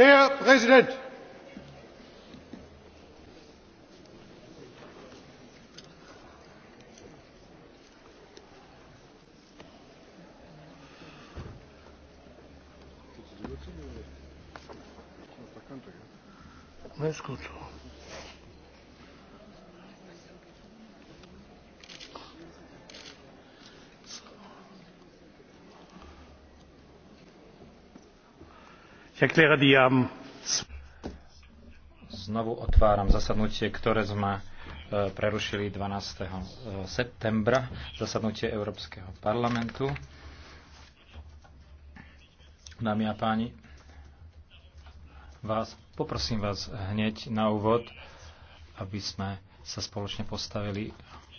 Der Präsident! Ne es Ähm, Znovu otváram zasadnutie, ktoré sme e, prerušili 12. E, septembra, zasadnutie Európskeho parlamentu. Dámy a páni, vás, poprosím vás hneď na úvod, aby sme sa spoločne postavili